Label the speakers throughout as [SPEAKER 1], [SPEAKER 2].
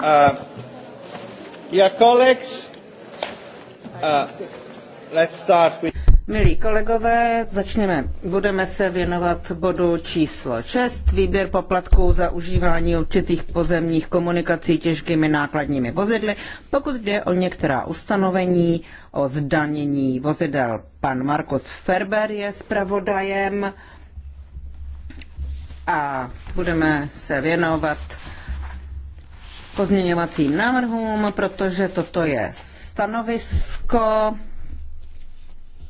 [SPEAKER 1] Uh, yeah, colleagues, uh, let's start with... Milí kolegové, začněme. Budeme se věnovat bodu číslo 6, výběr poplatků za užívání určitých pozemních komunikací těžkými nákladními vozidly, pokud jde o některá ustanovení o zdanění vozidel. Pan Markus Ferber je zpravodajem a budeme se věnovat pozměňovacím návrhům, protože toto je stanovisko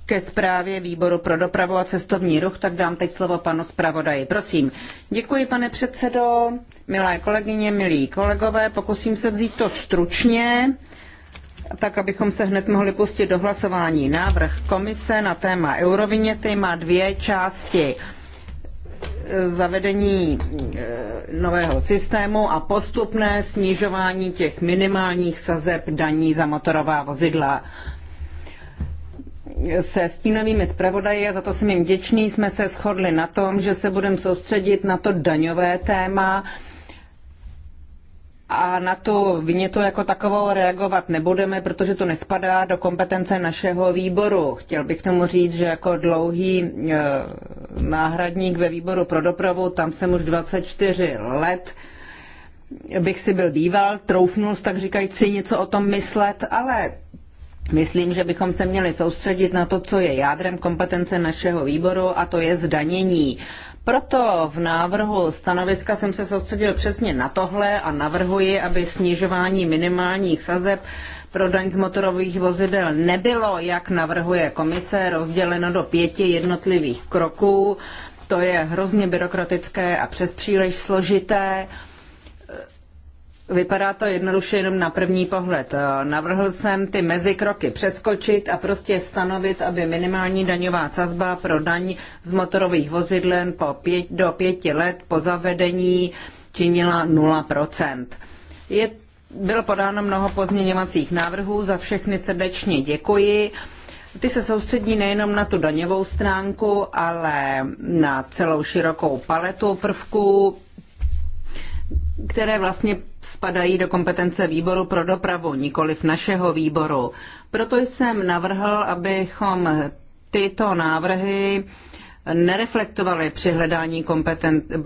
[SPEAKER 1] ke zprávě výboru pro dopravu a cestovní ruch, tak dám teď slovo panu zpravodaji. Prosím. Děkuji, pane předsedo, milé kolegyně, milí kolegové. Pokusím se vzít to stručně, tak abychom se hned mohli pustit do hlasování. Návrh komise na téma euroviněty má dvě části zavedení e, nového systému a postupné snižování těch minimálních sazeb daní za motorová vozidla. Se stínovými zpravodaji, a za to jsem jim vděčný, jsme se shodli na tom, že se budeme soustředit na to daňové téma, a na tu vynětu jako takovou reagovat nebudeme, protože to nespadá do kompetence našeho výboru. Chtěl bych tomu říct, že jako dlouhý e, náhradník ve výboru pro dopravu, tam jsem už 24 let, bych si byl býval, troufnul tak říkajíc si něco o tom myslet, ale myslím, že bychom se měli soustředit na to, co je jádrem kompetence našeho výboru a to je zdanění. Proto v návrhu stanoviska jsem se soustředil přesně na tohle a navrhuji, aby snižování minimálních sazeb pro daň z motorových vozidel nebylo, jak navrhuje komise, rozděleno do pěti jednotlivých kroků. To je hrozně byrokratické a přespříliš složité. Vypadá to jednoduše jenom na první pohled. Eh, Navrhl jsem ty mezikroky přeskočit a prostě stanovit, aby minimální daňová sazba pro daň z motorových vozidlen po pět, do pěti let po zavedení činila 0%. Je, bylo podáno mnoho pozměňovacích návrhů, za všechny srdečně děkuji. Ty se soustředí nejenom na tu daňovou stránku, ale na celou širokou paletu prvků, které vlastně spadají do kompetence výboru pro dopravu, nikoli v našeho výboru. Proto jsem navrhl, abychom tyto návrhy nereflektovali při hledání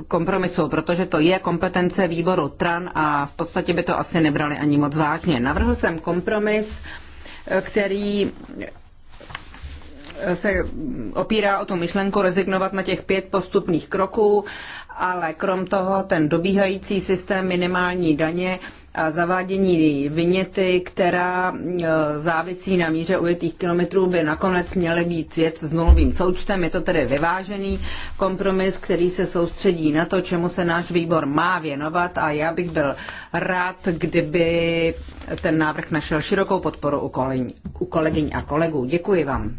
[SPEAKER 1] kompromisu, protože to je kompetence výboru TRAN a v podstatě by to asi nebrali ani moc vážně. Navrhl jsem kompromis, který se opírá o tu myšlenku rezignovat na těch pět postupných kroků, ale krom toho ten dobíhající systém minimální daně a zavádění vyněty, která e, závisí na míře ujetých kilometrů, by nakonec měly být věc s nulovým součtem. Je to tedy vyvážený kompromis, který se soustředí na to, čemu se náš výbor má věnovat a já bych byl rád, kdyby ten návrh našel širokou podporu u kolegyň a kolegů. Děkuji vám.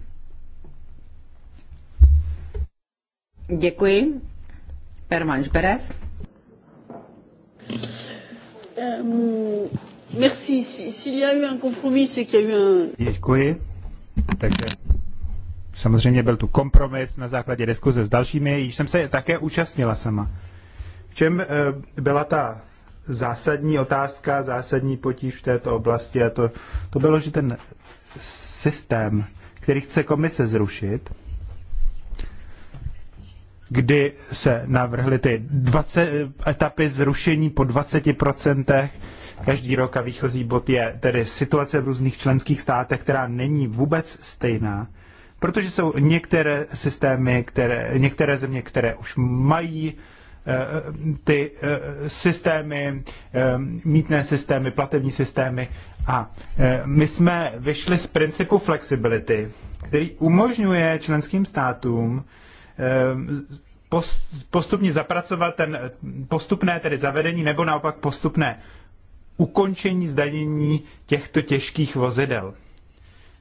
[SPEAKER 1] Děkuji. Permanš Beres.
[SPEAKER 2] Um, merci. S'il y a eu un compromis, c'est qu'il y a eu un... Děkuji. Takže samozřejmě byl tu kompromis na základě diskuze s dalšími, již jsem se také účastnila sama. V čem eh, byla ta zásadní otázka, zásadní potíž v této oblasti a to, to bylo, že ten systém, který chce komise zrušit, kdy se navrhly ty 20 etapy zrušení po 20%. Každý rok a výchozí bod je tedy situace v různých členských státech, která není vůbec stejná, protože jsou některé systémy, které, některé země, které už mají eh, ty eh, systémy, eh, mítné systémy, platební systémy. A my jsme vyšli z principu flexibility, který umožňuje členským státům postupně zapracovat ten postupné tedy zavedení nebo naopak postupné ukončení zdanění těchto těžkých vozidel.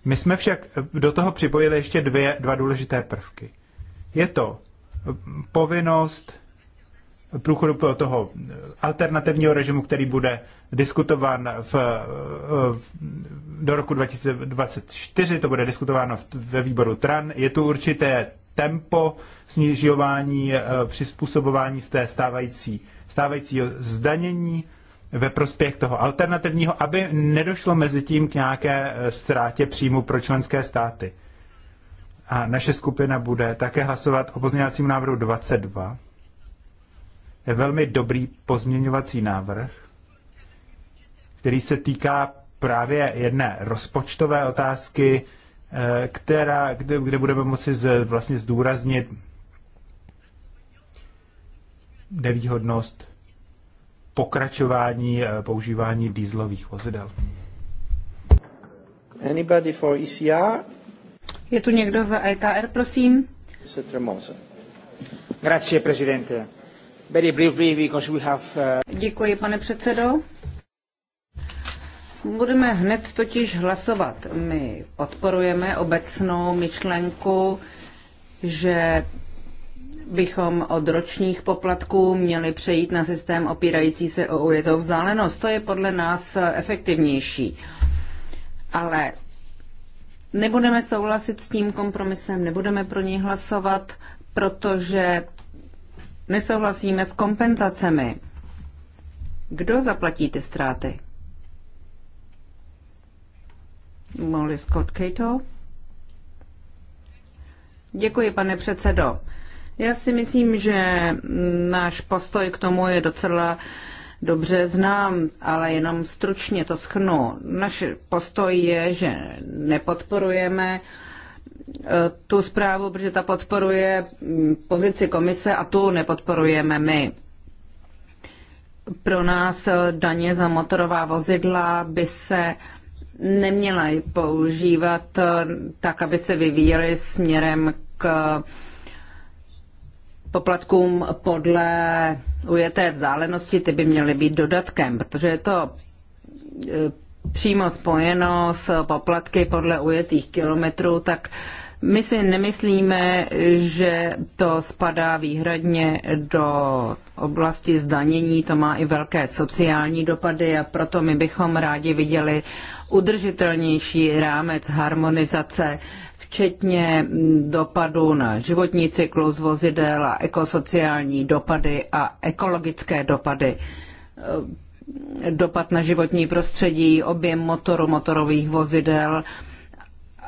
[SPEAKER 2] My jsme však do toho připojili ještě dvě, dva důležité prvky. Je to povinnost průchodu toho alternativního režimu, který bude diskutován v, v, do roku 2024, to bude diskutováno ve výboru TRAN. Je tu určité tempo snižování, eh, přizpůsobování z té stávající, stávajícího zdanění ve prospěch toho alternativního, aby nedošlo mezi tím k nějaké eh, ztrátě příjmu pro členské státy. A naše skupina bude také hlasovat o pozměňovacím návrhu 22. Je velmi dobrý pozměňovací návrh, který se týká právě jedné rozpočtové otázky, Eh, která, kde, kde budeme moci z, vlastně zdůraznit nevýhodnost pokračování eh, používání dýzlových vozidel. Anybody for ECR?
[SPEAKER 1] Je tu někdo za EKR, prosím? Grazie, presidente. Very briefly, because we have, uh... Děkuji, pane předsedo. Budeme hned totiž hlasovat. My podporujeme obecnou myšlenku, že bychom od ročních poplatků měli přejít na systém opírající se o ujetou vzdálenost. To je podle nás efektivnější. Ale nebudeme souhlasit s tím kompromisem, nebudeme pro něj hlasovat, protože nesouhlasíme s kompenzacemi. Kdo zaplatí ty ztráty? Molly Scott Cato. Děkuji, pane předsedo. Já si myslím, že náš postoj k tomu je docela dobře znám, ale jenom stručně to schnu. Náš postoj je, že nepodporujeme eh, tu zprávu, protože ta podporuje mm, pozici komise a tu nepodporujeme my. Pro nás eh, daně za motorová vozidla by se neměla ji používat eh, tak, aby se vyvíjely směrem k poplatkům podle ujeté vzdálenosti, ty by měly být dodatkem, protože je to eh, přímo spojeno s poplatky podle ujetých kilometrů, tak my si nemyslíme, že to spadá výhradně do oblasti zdanění, to má i velké sociální dopady a proto my bychom rádi viděli udržitelnější rámec harmonizace, včetně dopadu na životní cyklus vozidel a ekosociální dopady a ekologické dopady dopad na životní prostředí, objem motoru, motorových vozidel,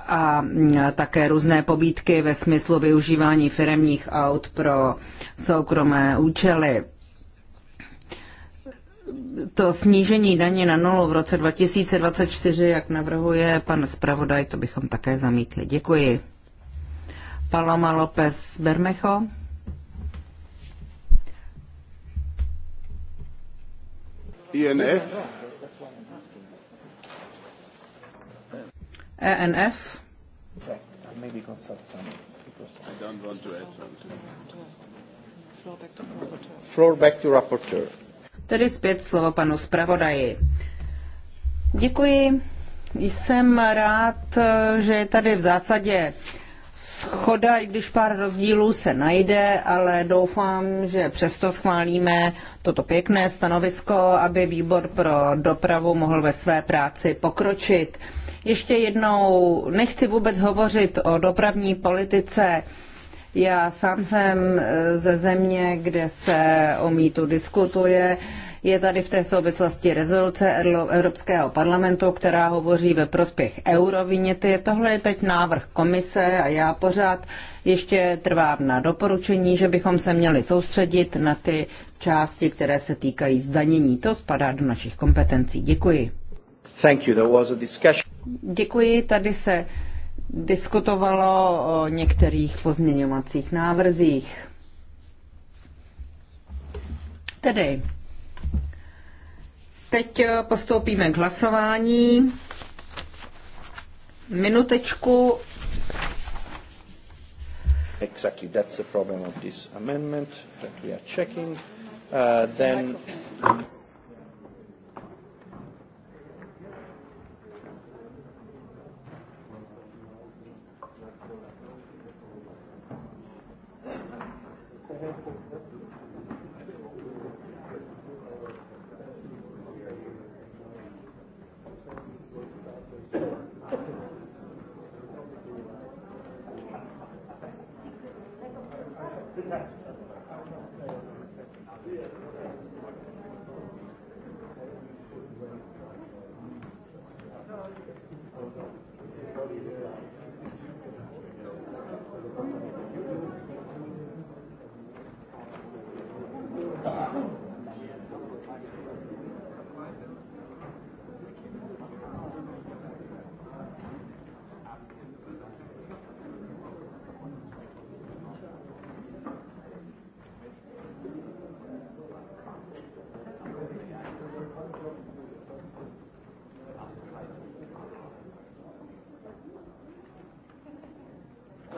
[SPEAKER 1] a také různé pobídky ve smyslu využívání firemních aut pro soukromé účely. To snížení daně na nulu v roce 2024, jak navrhuje pan zpravodaj, to bychom také zamítli. Děkuji. Paloma López Bermejo. INF ENF. Floor back to rapporteur. Tedy zpět slovo panu zpravodaji. Děkuji. Jsem rád, že je tady v zásadě schoda, i když pár rozdílů se najde, ale doufám, že přesto schválíme toto pěkné stanovisko, aby výbor pro dopravu mohl ve své práci pokročit. Ještě jednou, nechci vůbec hovořit o dopravní politice. Já sám jsem ze země, kde se o mýtu diskutuje. Je tady v té souvislosti rezoluce Evropského parlamentu, která hovoří ve prospěch eurovinity. Tohle je teď návrh komise a já pořád ještě trvám na doporučení, že bychom se měli soustředit na ty části, které se týkají zdanění. To spadá do našich kompetencí. Děkuji.
[SPEAKER 3] Thank you. There was a discussion.
[SPEAKER 1] Děkuji. Tady se diskutovalo o některých pozměňovacích návrzích. Tedy teď eh, postoupíme k hlasování. Minutečku.
[SPEAKER 3] Exactly, that's the problem of this
[SPEAKER 1] amendment that we are checking. Uh, then...
[SPEAKER 3] Thank you.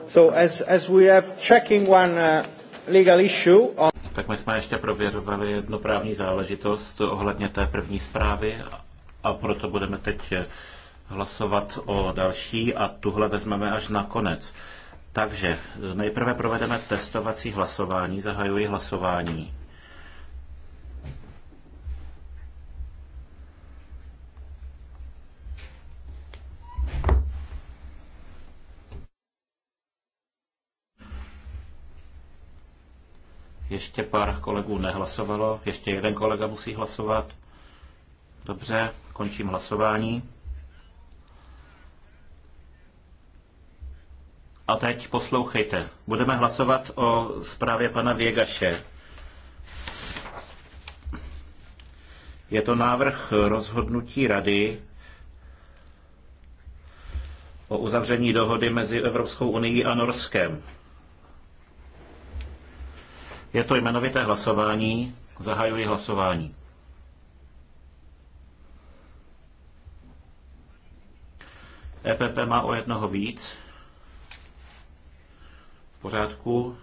[SPEAKER 3] So as, as we have checking one uh, legal issue on...
[SPEAKER 4] Tak my jsme ještě prověřovali jednu právní záležitost ohledně té první zprávy a proto budeme teď eh, hlasovat o další a tuhle vezmeme až na konec. Takže eh, nejprve provedeme testovací hlasování. Zahajuji hlasování. Ještě pár kolegů nehlasovalo, ještě jeden kolega musí hlasovat. Dobře, končím hlasování. A teď poslouchejte. Budeme hlasovat o zprávě pana Věgaše. Je to návrh rozhodnutí Rady o uzavření dohody mezi Evropskou unii a Norskem. Je to jmenovité hlasování. Zahajuji hlasování. EPP má o jednoho víc. V pořádku.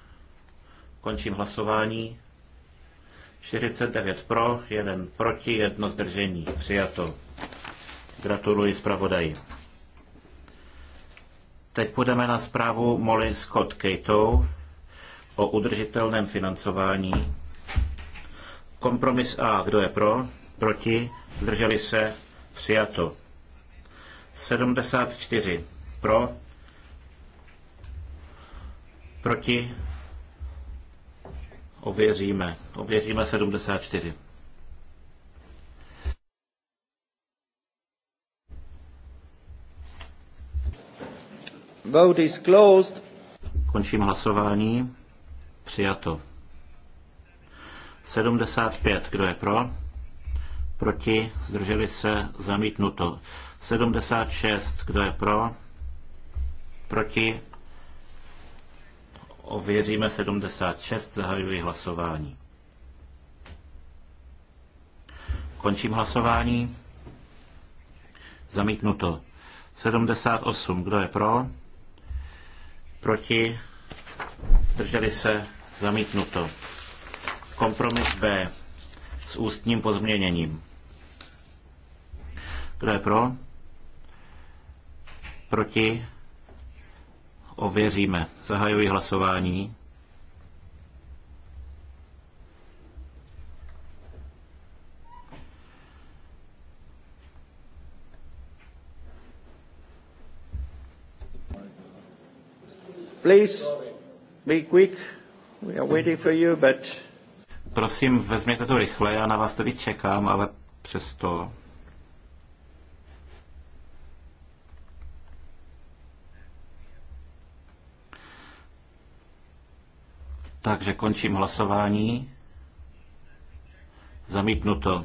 [SPEAKER 4] Končím hlasování. 49 pro, 1 proti, 1 zdržení. Přijato. Gratuluji zpravodaji. Teď půjdeme na zprávu Molly Scott Kejtou o udržitelném financování. Kompromis A. Kdo je pro? Proti? Zdrželi se? Přijato. 74. Pro? Proti? Ověříme. Ověříme 74. Vote is closed. Končím hlasování. Přijato. 75. Kdo je pro? Proti? Zdrželi se? Zamítnuto. 76. Kdo je pro? Proti? Ověříme 76. Zahajuji hlasování. Končím hlasování. Zamítnuto. 78. Kdo je pro? Proti? zdrželi se, zamítnuto. Kompromis B s ústním pozměněním. Kdo je pro? Proti? Ověříme. Zahajuji hlasování.
[SPEAKER 3] Please Be quick. We are waiting for you, but...
[SPEAKER 4] Prosím, vezměte to rychle, já na vás tedy čekám, ale přesto... Takže končím hlasování. Zamítnuto.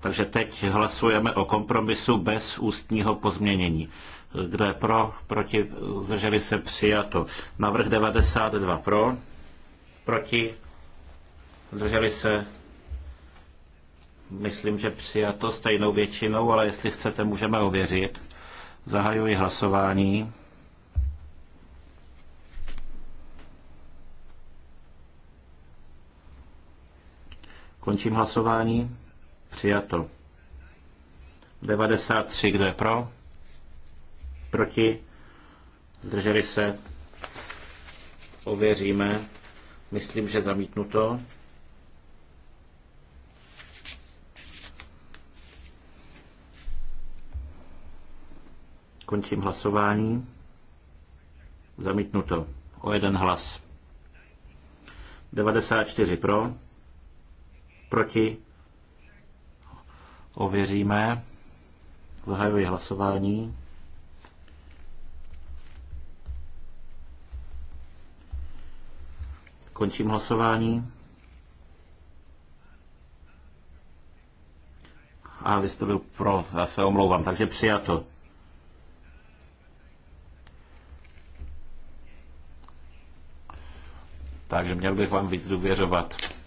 [SPEAKER 4] Takže teď hlasujeme o kompromisu bez ústního pozměnění. Kdo je pro, proti, zdrželi se přijato. Navrh 92 pro, proti, zdrželi se, myslím, že přijato stejnou většinou, ale jestli chcete, můžeme ověřit. Zahajuji hlasování. Končím hlasování. Přijato. 93, kdo je pro? Proti? Zdrželi se? Ověříme. Myslím, že zamítnuto. Končím hlasování. Zamítnuto. O jeden hlas. 94 pro. Proti. Ověříme. Zahajuji hlasování. Končím hlasování. A vy jste byl pro, já se omlouvám, takže přijato. Takže měl bych vám víc důvěřovat.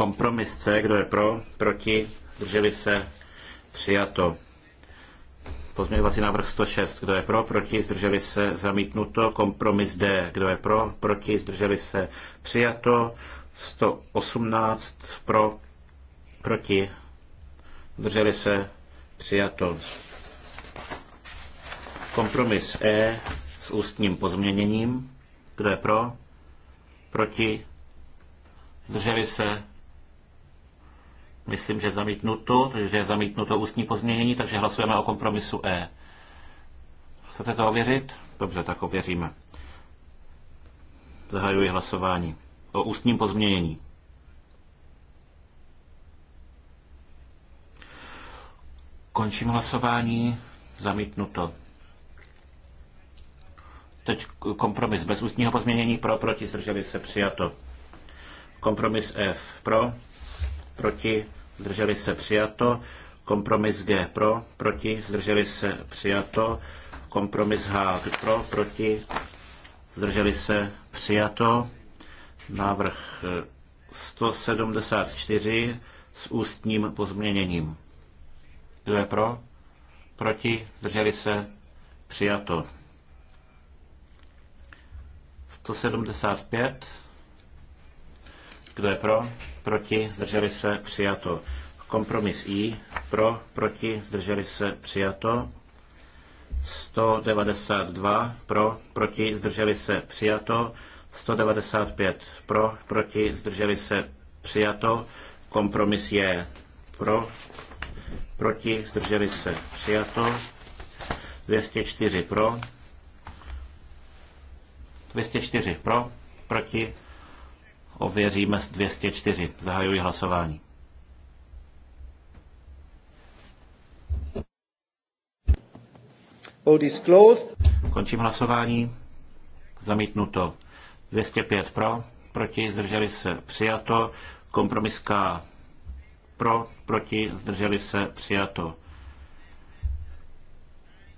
[SPEAKER 4] Kompromis C, kdo je pro, proti, drželi se, přijato. Pozměňovací návrh 106, kdo je pro, proti, zdrželi se, zamítnuto. Kompromis D, kdo je pro, proti, zdrželi se, přijato. 118 pro, proti, zdrželi se, přijato. Kompromis E s ústním pozměněním, kdo je pro, proti, zdrželi se, Myslím, že zamítnuto, že je zamítnuto ústní pozměnění, takže hlasujeme o kompromisu E. Chcete to ověřit? Dobře, tak ověříme. Zahajuji hlasování o ústním pozměnění. Končím hlasování. Zamítnuto. Teď kompromis bez ústního pozměnění pro, proti, zdrželi se, přijato. Kompromis F pro, proti, zdrželi se přijato. Kompromis G pro, proti, zdrželi se přijato. Kompromis H pro, proti, zdrželi se přijato. Návrh 174 s ústním pozměněním. Kdo je pro? Proti? Zdrželi se? Přijato. 175 kdo je pro? Proti? Zdrželi se? Přijato. Kompromis I. Pro? Proti? Zdrželi se? Přijato. 192. Pro? Proti? Zdrželi se? Přijato. 195. Pro? Proti? Zdrželi se? Přijato. Kompromis je pro, proti, zdrželi se, přijato, 204 pro, 204 pro, proti, Ověříme 204. Zahajuji hlasování. Vote is closed. Končím hlasování. Zamítnuto. 205 pro, proti, zdrželi se, přijato. Kompromiska pro, proti, zdrželi se, přijato.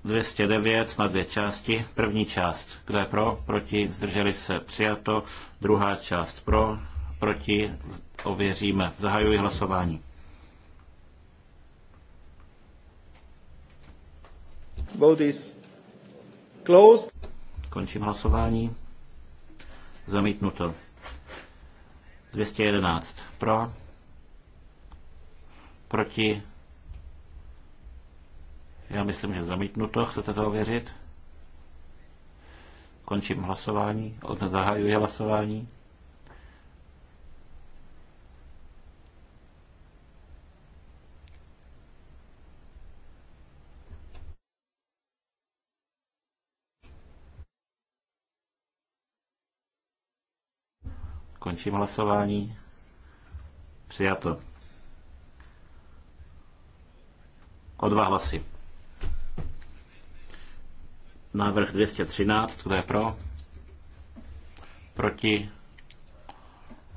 [SPEAKER 4] 209 na dvě části. První část, kdo je pro, proti, zdrželi se, přijato. Druhá část pro, proti, ověříme. Zahajuji hlasování.
[SPEAKER 2] Vote is closed.
[SPEAKER 4] Končím hlasování. Zamítnuto. 211 pro, proti, já myslím, že zamítnuto. Chcete to ověřit? Končím hlasování. Zahajuji hlasování. Končím hlasování. Přijato. O dva hlasy. Návrh 213, kdo je pro? Proti?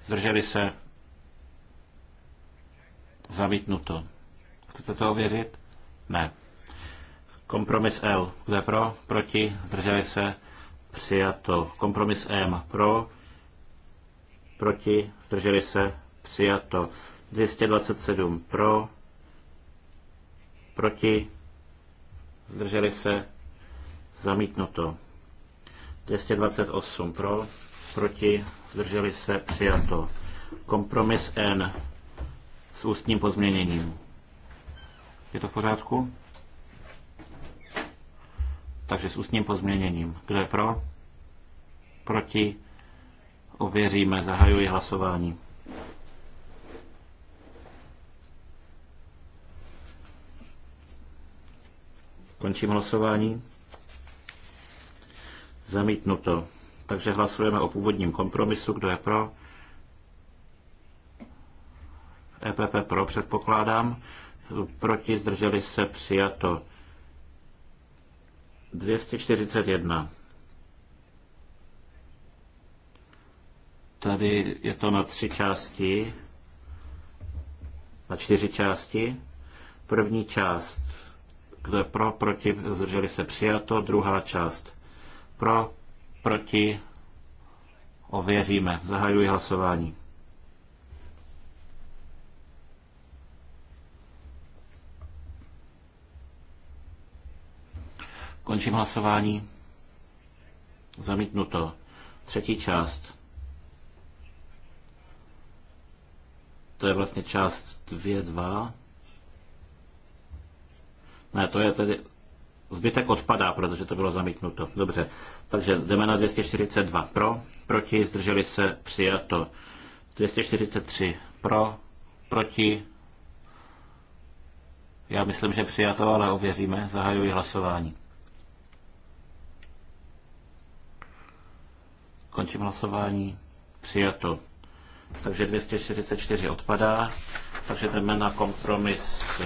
[SPEAKER 4] Zdrželi se? Zamítnuto. Chcete to ověřit? Ne. Kompromis L. Kdo je pro? Proti? Zdrželi se? Přijato. Kompromis M. Pro? Proti? Zdrželi se? Přijato. 227 pro, proti, zdrželi se, Zamítnuto. 228 pro, proti, zdrželi se, přijato. Kompromis N s ústním pozměněním. Je to v pořádku? Takže s ústním pozměněním. Kdo je pro? Proti? Ověříme, zahajuji hlasování. Končím hlasování. Zamítnuto. Takže hlasujeme o původním kompromisu. Kdo je pro? EPP pro, předpokládám. Proti zdrželi se přijato. 241. Tady je to na tři části, na čtyři části. První část, kde pro, proti, zdrželi se přijato. Druhá část, pro, proti, ověříme. Zahajuji hlasování. Končím hlasování. Zamítnuto. Třetí část. To je vlastně část 2.2. Ne, to je tedy Zbytek odpadá, protože to bylo zamítnuto. Dobře, takže jdeme na 242 pro, proti, zdrželi se, přijato. 243 pro, proti, já myslím, že přijato, ale ověříme, zahajuji hlasování. Končím hlasování. Přijato. Takže 244 odpadá, takže jdeme na kompromis eh,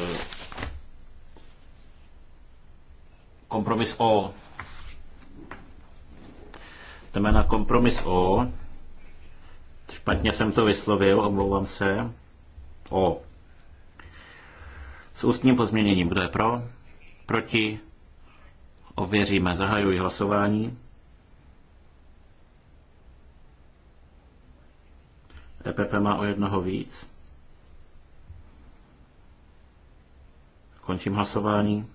[SPEAKER 4] Kompromis O. Jdeme na kompromis O. Špatně jsem to vyslovil, omlouvám se. O. S ústním pozměněním. Kdo je pro? Proti? Ověříme. Zahajuji hlasování. EPP má o jednoho víc. Končím hlasování.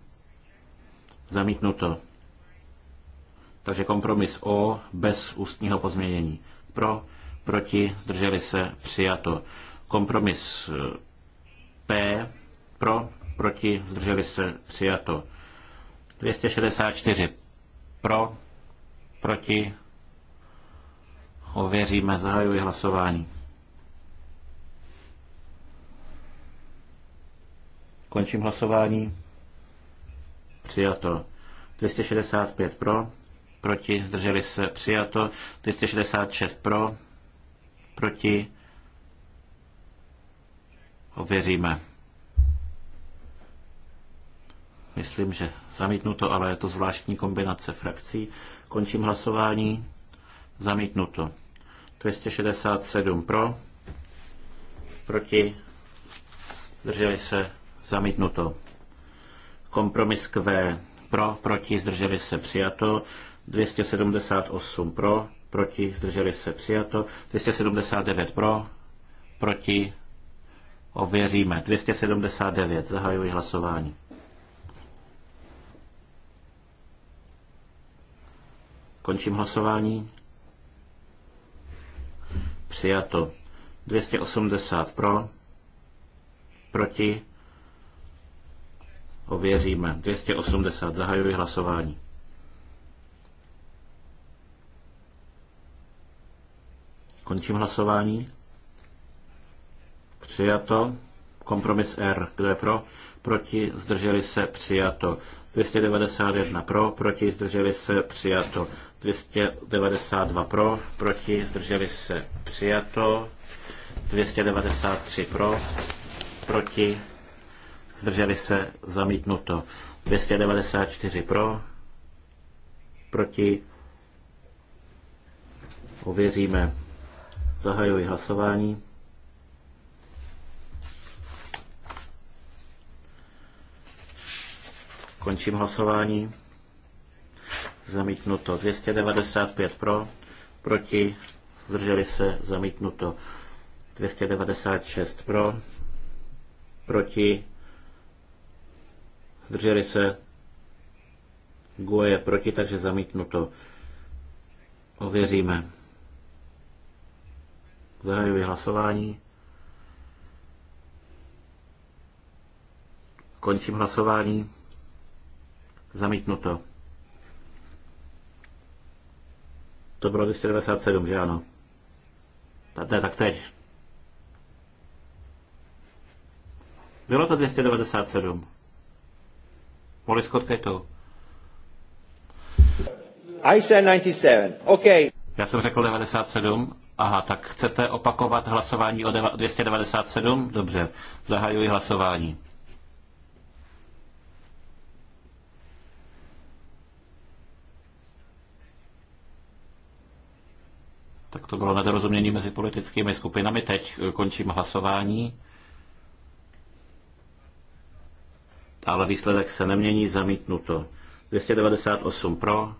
[SPEAKER 4] Zamítnuto. Takže kompromis O bez ústního pozměnění. Pro, proti, zdrželi se, přijato. Kompromis eh, P pro, proti, zdrželi se, přijato. 264 pro, proti, ověříme, zahajuji hlasování. Končím hlasování přijato. 265 pro, proti, zdrželi se, přijato. 266 pro, proti, ověříme. Myslím, že zamítnuto, ale je to zvláštní kombinace frakcí. Končím hlasování. Zamítnuto. 267 pro, proti, zdrželi se, zamítnuto. Kompromis Q pro, proti, zdrželi se přijato. 278 pro, proti, zdrželi se přijato. 279 pro, proti, ověříme. 279, zahajuji hlasování. Končím hlasování. Přijato. 280 pro, proti, Ověříme. 280. Zahajuji hlasování. Končím hlasování. Přijato. Kompromis R. Kdo je pro? Proti. Zdrželi se. Přijato. 291 pro, proti zdrželi se přijato. 292 pro, proti zdrželi se přijato. 293 pro, proti zdrželi se, zamítnuto. 294 pro, proti, ověříme. Zahajuji hlasování. Končím hlasování. Zamítnuto 295 pro, proti, zdrželi se, zamítnuto 296 pro, proti, zdrželi se, Goje je proti, takže zamítnuto. Ověříme. Zahajuji hlasování. Končím hlasování. Zamítnuto. To bylo 297, že ano? Tak, ne, tak teď. Bylo to 297. I
[SPEAKER 3] said 97. Okay.
[SPEAKER 4] Já jsem řekl 97. Aha, tak chcete opakovat hlasování o 297? Dobře, zahajuji hlasování. Tak to bylo nedorozumění mezi politickými skupinami. Teď končím hlasování. ale výsledek se nemění, zamítnuto. 298 pro,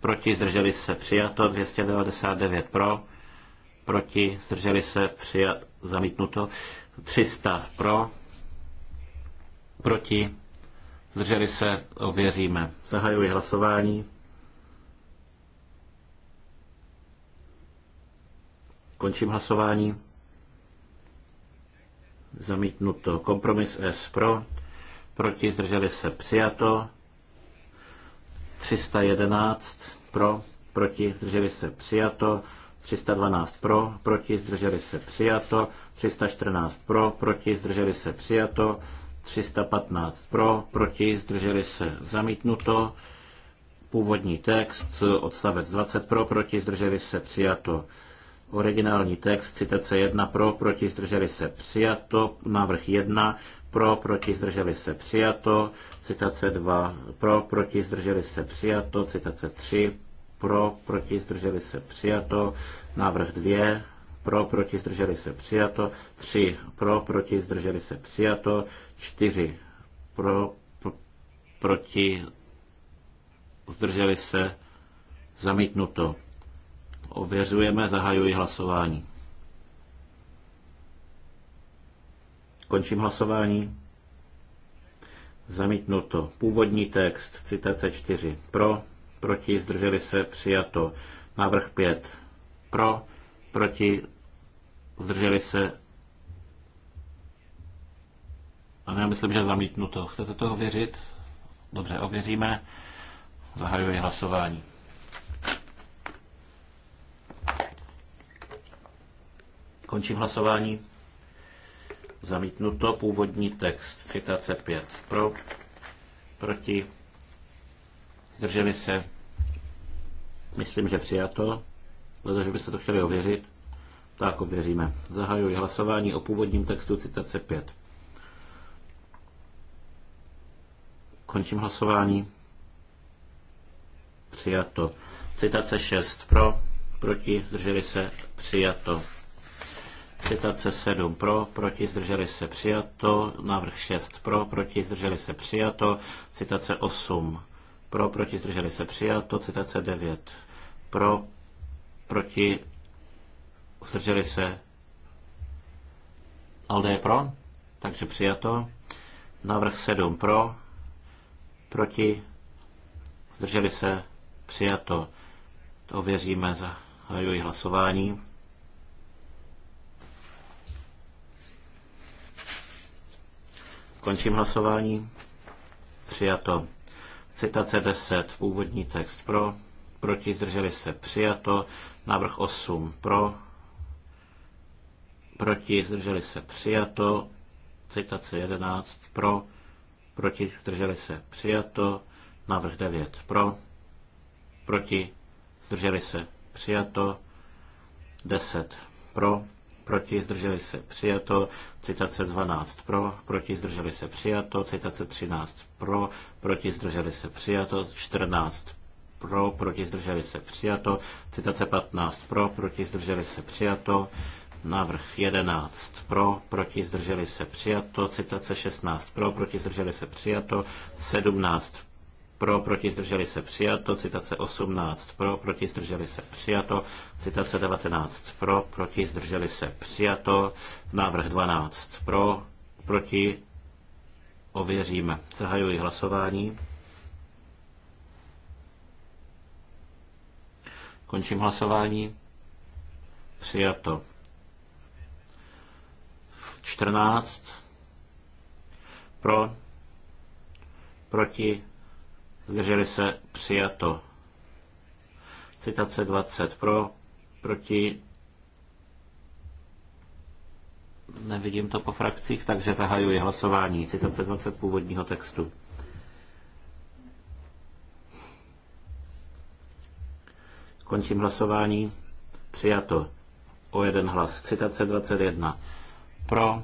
[SPEAKER 4] proti zdrželi se přijato, 299 pro, proti zdrželi se přijat, zamítnuto, 300 pro, proti zdrželi se, ověříme. Zahajuji hlasování. Končím hlasování. Zamítnuto. Kompromis S pro proti, zdrželi se přijato. 311 pro, proti, zdrželi se přijato. 312 pro, proti, zdrželi se přijato. 314 pro, proti, zdrželi se přijato. 315 pro, proti, zdrželi se zamítnuto. Původní text, odstavec 20 pro, proti, zdrželi se přijato. Originální text, citace 1 pro, proti, zdrželi se přijato. Návrh 1 pro, proti, zdrželi se přijato. Citace 2 pro, proti, zdrželi se přijato. Citace 3 pro, proti, zdrželi se přijato. Návrh 2 pro, proti, zdrželi se přijato. 3 pro, proti, zdrželi se přijato. 4 pro, pro proti, zdrželi se zamítnuto ověřujeme, zahajuji hlasování. Končím hlasování. Zamítnuto. Původní text, citace 4. Pro, proti, zdrželi se, přijato. Návrh 5. Pro, proti, zdrželi se. A já myslím, že zamítnuto. Chcete to ověřit? Dobře, ověříme. Zahajuji hlasování. Končím hlasování. Zamítnuto původní text, citace 5. Pro, proti, zdrželi se. Myslím, že přijato, ale že byste to chtěli ověřit. Tak ověříme. Zahajuji hlasování o původním textu citace 5. Končím hlasování. Přijato. Citace 6. Pro, proti, zdrželi se. Přijato. Citace 7 pro, proti zdrželi se přijato. Návrh 6 pro, proti zdrželi se přijato. Citace 8 pro, proti zdrželi se přijato. Citace 9 pro, proti zdrželi se. Alde je pro, takže přijato. Návrh 7 pro, proti zdrželi se přijato. To věříme, zahajuji hlasování. Končím hlasování. Přijato. Citace 10, původní text pro, proti zdrželi se přijato, návrh 8 pro, proti zdrželi se přijato, citace 11 pro, proti zdrželi se přijato, návrh 9 pro, proti zdrželi se přijato, 10 pro, proti, zdrželi se, přijato, citace 12 pro, proti, zdrželi se, přijato, citace 13 pro, proti, zdrželi se, přijato, 14 pro, proti, zdrželi se, přijato, citace 15 pro, proti, zdrželi se, přijato, Návrh 11 pro, proti zdrželi se přijato, citace 16 pro, proti zdrželi se přijato, 17 pro, proti, zdrželi se, přijato. Citace 18, pro, proti, zdrželi se, přijato. Citace 19, pro, proti, zdrželi se, přijato. Návrh 12, pro, proti, ověříme. Zahajuji hlasování. Končím hlasování. Přijato. 14. Pro. Proti zdrželi se, přijato. Citace 20 pro, proti, nevidím to po frakcích, takže zahajuji hlasování. Citace 20 původního textu. Končím hlasování. Přijato. O jeden hlas. Citace 21. Pro,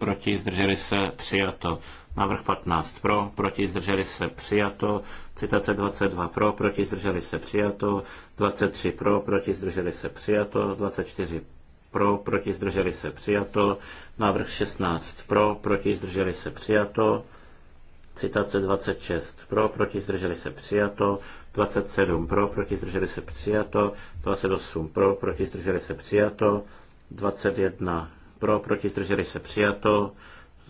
[SPEAKER 4] proti, zdrželi se, přijato. Návrh 15 pro, proti, zdrželi se, přijato. Citace 22 pro, proti, zdrželi se, přijato. 23 pro, proti, zdrželi se, přijato. 24 pro, proti, zdrželi se, přijato. Návrh 16 pro, proti, zdrželi se, přijato. Citace 26 pro, proti, zdrželi se, přijato. 27 pro, proti, zdrželi se, přijato. 28 pro, proti, zdrželi se, přijato. 21 pro, proti, zdrželi se přijato,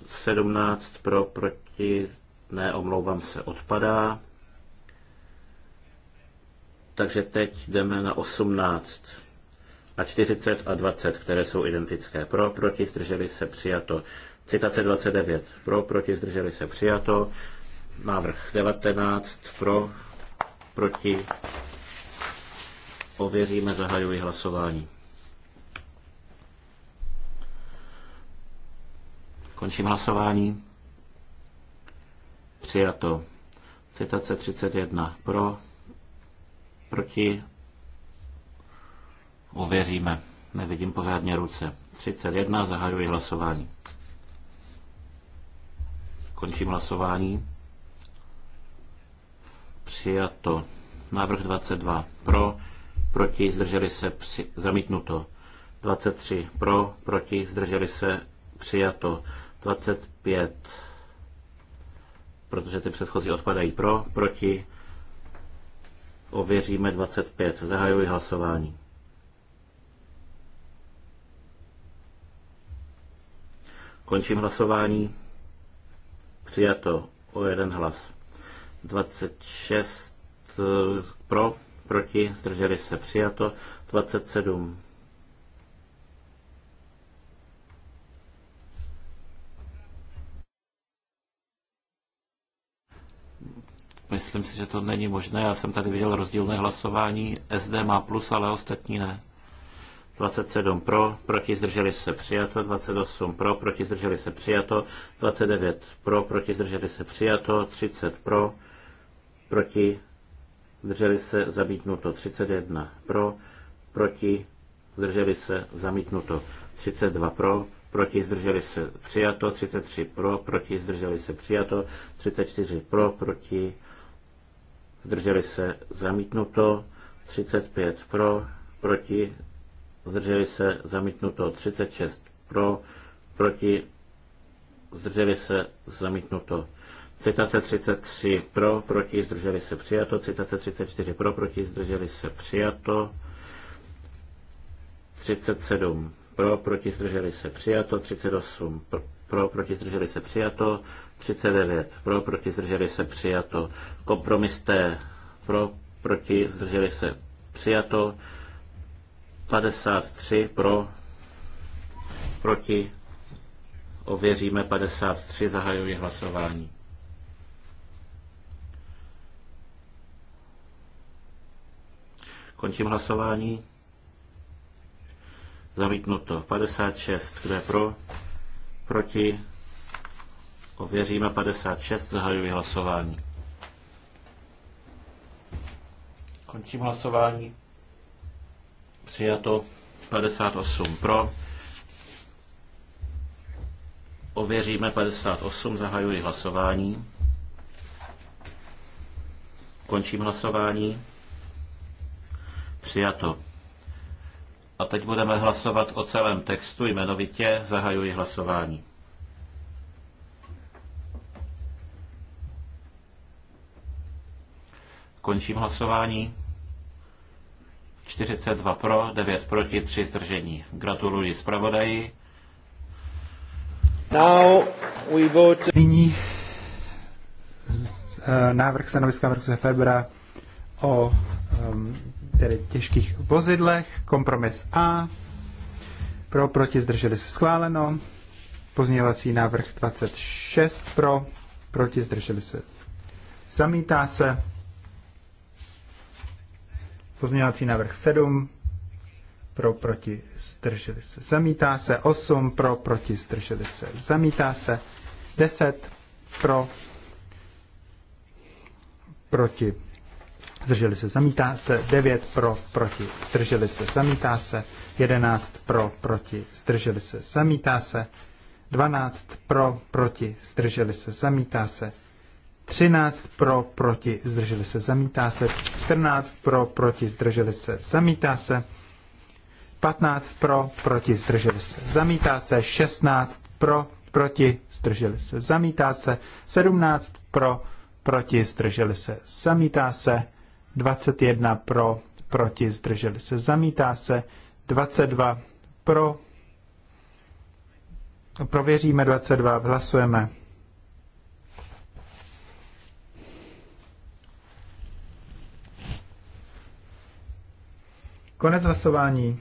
[SPEAKER 4] 17 pro, proti, ne, omlouvám se, odpadá. Takže teď jdeme na 18 a 40 a 20, které jsou identické. Pro, proti, zdrželi se přijato. Citace 29. Pro, proti, zdrželi se přijato. Návrh 19. Pro, proti. Ověříme, zahajuji hlasování. Končím hlasování. Přijato. Citace 31. Pro. Proti. Uvěříme. Nevidím pořádně ruce. 31. Zahajuji hlasování. Končím hlasování. Přijato. Návrh 22. Pro. Proti. Zdrželi se. Při, zamítnuto. 23. Pro. Proti. Zdrželi se. Přijato. 25, protože ty předchozí odpadají pro, proti. Ověříme 25. Zahajuji hlasování. Končím hlasování. Přijato o jeden hlas. 26 eh, pro, proti, zdrželi se přijato. 27 Myslím si, že to není možné. Já jsem tady viděl rozdílné hlasování. SD má plus, ale ostatní ne. 27 pro, proti zdrželi se přijato, 28 pro, proti zdrželi se přijato, 29 pro, proti zdrželi se přijato, 30 pro, proti zdrželi se zamítnuto, 31 pro, proti zdrželi se zamítnuto, 32 pro, proti zdrželi se přijato, 33 pro, proti zdrželi se přijato, 34 pro, proti zdrželi se, zamítnuto, 35 pro, proti, zdrželi se, zamítnuto, 36 pro, proti, zdrželi se, zamítnuto. Citace 33 pro, proti, zdrželi se, přijato. Citace 34 pro, proti, zdrželi se, přijato. 37 pro, proti, zdrželi se, přijato. 38 pro, pro, proti zdrželi se přijato, 39 pro, proti zdrželi se přijato, kompromis T pro, proti zdrželi se přijato, 53 pro, proti, ověříme 53, zahajuji hlasování. Končím hlasování. Zamítnuto. 56. Kdo je pro? proti, ověříme 56, zahajuji hlasování. Končím hlasování. Přijato 58 pro. Ověříme 58, zahajuji hlasování. Končím hlasování. Přijato a teď budeme hlasovat o celém textu jmenovitě. Zahajuji hlasování. Končím hlasování. 42 pro, 9 proti, 3 zdržení. Gratuluji zpravodaji. Now we vote.
[SPEAKER 2] Nyní eh, návrh stanoviska Markuse Febra o um, tedy těžkých vozidlech. Kompromis A. Pro, proti, zdrželi se schváleno. Pozměňovací návrh 26 pro, proti, zdrželi se. Zamítá se. Pozměňovací návrh 7 pro, proti, zdrželi se. Zamítá se. 8 pro, proti, zdrželi se. Zamítá se. 10 pro, proti, zdrželi se, zamítá se, 9 pro, proti, zdrželi se, zamítá se, 11 pro, proti, zdrželi se, zamítá se, 12 pro, proti, zdrželi se, zamítá se, 13 pro, proti, zdrželi se, zamítá se, 14 pro, proti, zdrželi se, zamítá se, 15 pro, proti, zdrželi se, zamítá se, 16 pro, proti, zdrželi se, zamítá se, 17 pro, proti, zdrželi se, zamítá se, 21 pro, proti, zdrželi se, zamítá se, 22 pro, prověříme 22, hlasujeme. Konec hlasování.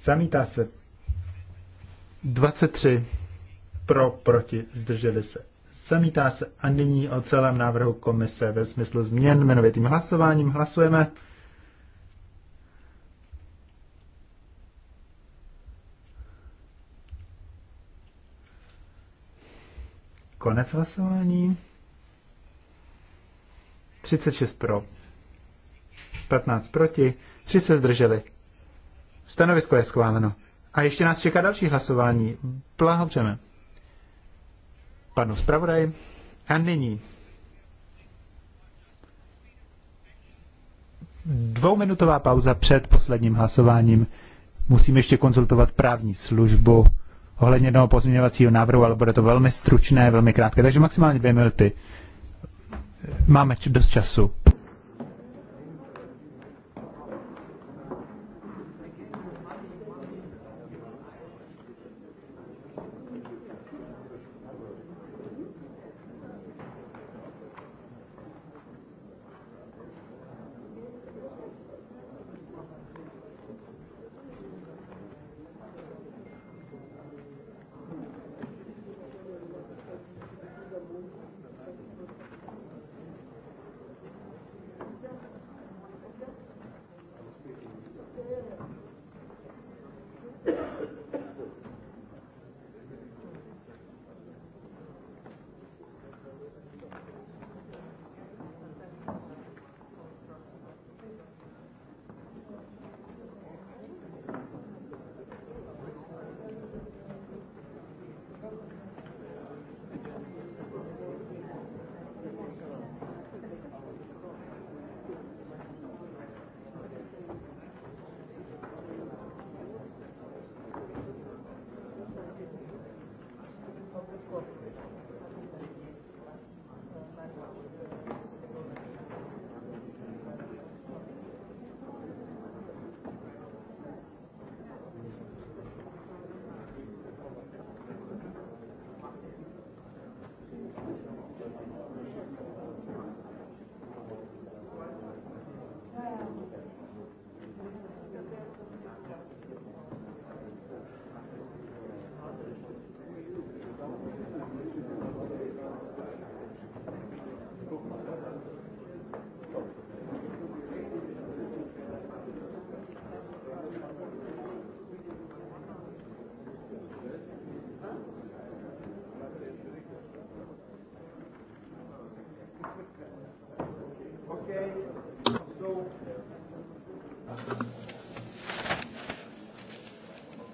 [SPEAKER 2] Zamítá se. 23 pro, proti, zdrželi se samítá se a nyní o celém návrhu komise ve smyslu změn jmenovitým hlasováním hlasujeme. Konec hlasování. 36 pro, 15 proti, 3 se zdrželi. Stanovisko je schváleno. A ještě nás čeká další hlasování. Blahopřejeme panu zpravodaji. A nyní dvouminutová pauza před posledním hlasováním. Musím ještě konzultovat právní službu ohledně jednoho pozměňovacího návrhu, ale bude to velmi stručné, velmi krátké, takže maximálně dvě minuty. Máme dost času.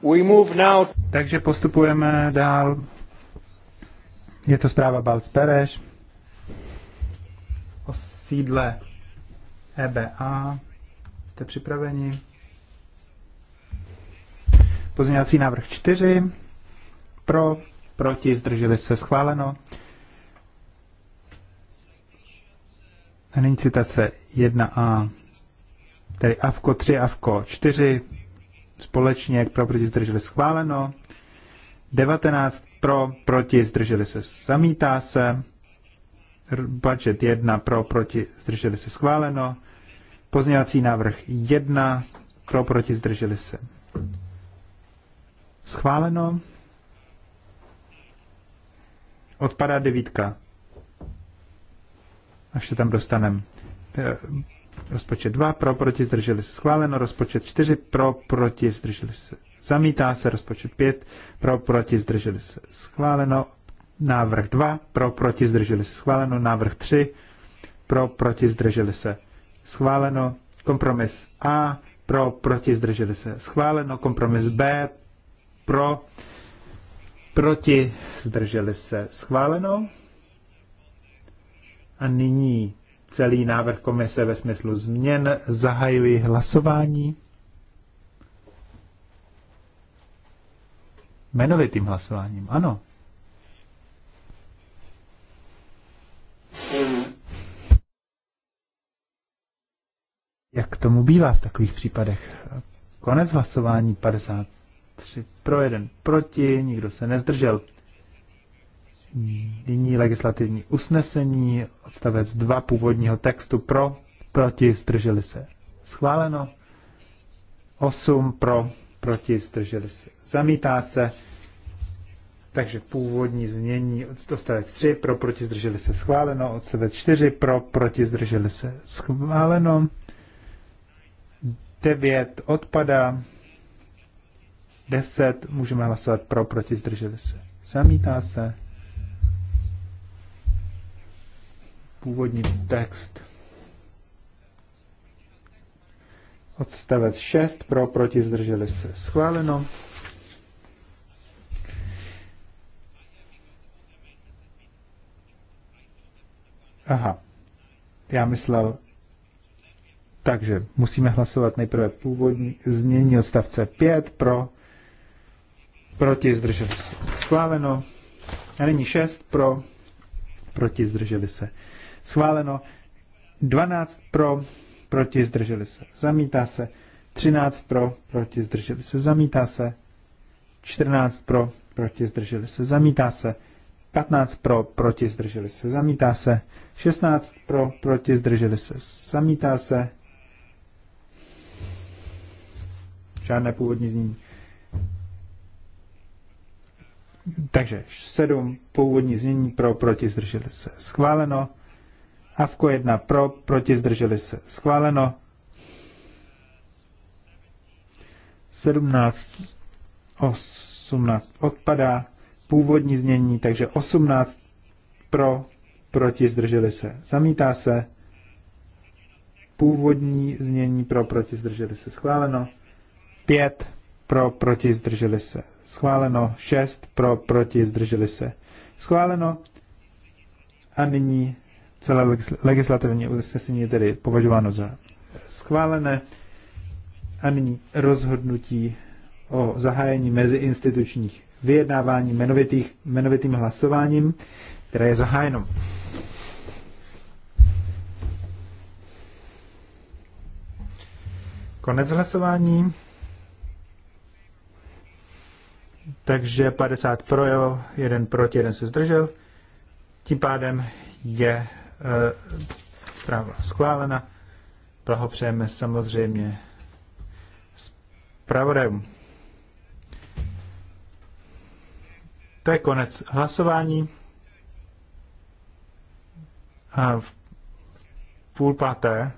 [SPEAKER 2] We move now. Takže postupujeme dál. Je to zpráva Balc Pereš o sídle EBA. Jste připraveni? Pozměňovací návrh 4. Pro, proti, zdrželi se, schváleno. A nyní citace 1a tedy AFKO 3, AFKO 4, společně, jak pro, proti, zdrželi schváleno, 19 pro, proti, zdrželi se, zamítá se, budget 1 pro, proti, zdrželi se, schváleno, pozměňovací návrh 1 pro, proti, zdrželi se, schváleno, odpadá devítka, až se tam dostaneme. Rozpočet 2 pro, proti, zdrželi se schváleno. Rozpočet 4 pro, proti, zdrželi se zamítá se. Rozpočet 5 pro, proti, zdrželi se schváleno. Návrh 2 pro, proti, zdrželi se schváleno. Návrh 3 pro, proti, zdrželi se schváleno. Kompromis A pro, proti, zdrželi se schváleno. Kompromis B pro, proti, zdrželi se schváleno. A nyní celý návrh komise ve smyslu změn. Zahajuji hlasování. Jmenovitým hlasováním, ano. Jak tomu bývá v takových případech? Konec hlasování 53 pro jeden proti, nikdo se nezdržel. Nyní legislativní usnesení, odstavec 2 původního textu pro, proti, zdrželi se. Schváleno. 8 pro, proti, zdrželi se. Zamítá se. Takže původní znění odstavec 3 pro, proti, zdrželi se. Schváleno. Odstavec 4 pro, proti, zdrželi se. Schváleno. 9 odpada. 10 můžeme hlasovat pro, proti, zdrželi se. Zamítá se. původní text. Odstavec 6 pro, proti, zdrželi se. Schváleno. Aha, já myslel, takže musíme hlasovat nejprve původní znění odstavce 5 pro, proti, zdrželi se. Schváleno. A nyní 6 pro, proti, zdrželi se schváleno. 12 pro, proti, zdrželi se, zamítá se. 13 pro, proti, zdrželi se, zamítá se. 14 pro, proti, zdrželi se, zamítá se. 15 pro, proti, zdrželi se, zamítá se. 16 pro, proti, zdrželi se, zamítá se. Žádné původní znění. Takže 7 původní znění pro, proti, zdrželi se, schváleno. Avko 1 pro, proti zdrželi se. Schváleno. 17, 18 odpadá. Původní znění, takže 18 pro, proti zdrželi se. Zamítá se. Původní znění pro, proti zdrželi se. Schváleno. 5 pro, proti zdrželi se. Schváleno. 6 pro, proti zdrželi se. Schváleno. A nyní Celé legislativní usnesení je tedy považováno za schválené. A nyní rozhodnutí o zahájení meziinstitučních vyjednávání jmenovitých, jmenovitým hlasováním, které je zahájeno. Konec hlasování. Takže 50 pro, 1 proti, 1 se zdržel. Tím pádem je Eh, zpráva schválena. Blahopřejeme samozřejmě zpravodajům. To je konec hlasování. A v půl páté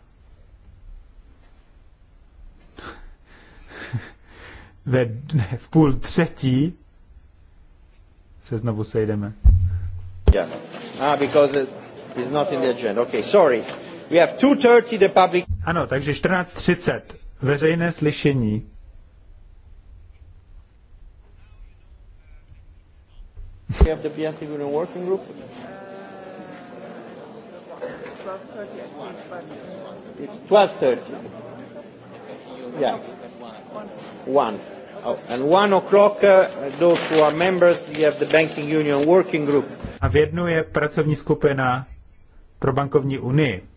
[SPEAKER 2] ve, dne, v půl třetí se znovu sejdeme.
[SPEAKER 3] Yeah. Ah, because it... It's not in the agenda. Okay, sorry. We have
[SPEAKER 2] 2.30 the public... Ano, takže 14.30. Veřejné slyšení.
[SPEAKER 4] We have the BNP Working Group.
[SPEAKER 3] It's 12.30. Yeah. One. Oh, and one o'clock, uh, those who are members, have the Banking Union Working Group.
[SPEAKER 2] A v jednu je pracovní skupina pro bankovní unii.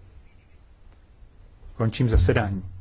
[SPEAKER 2] Končím zasedání.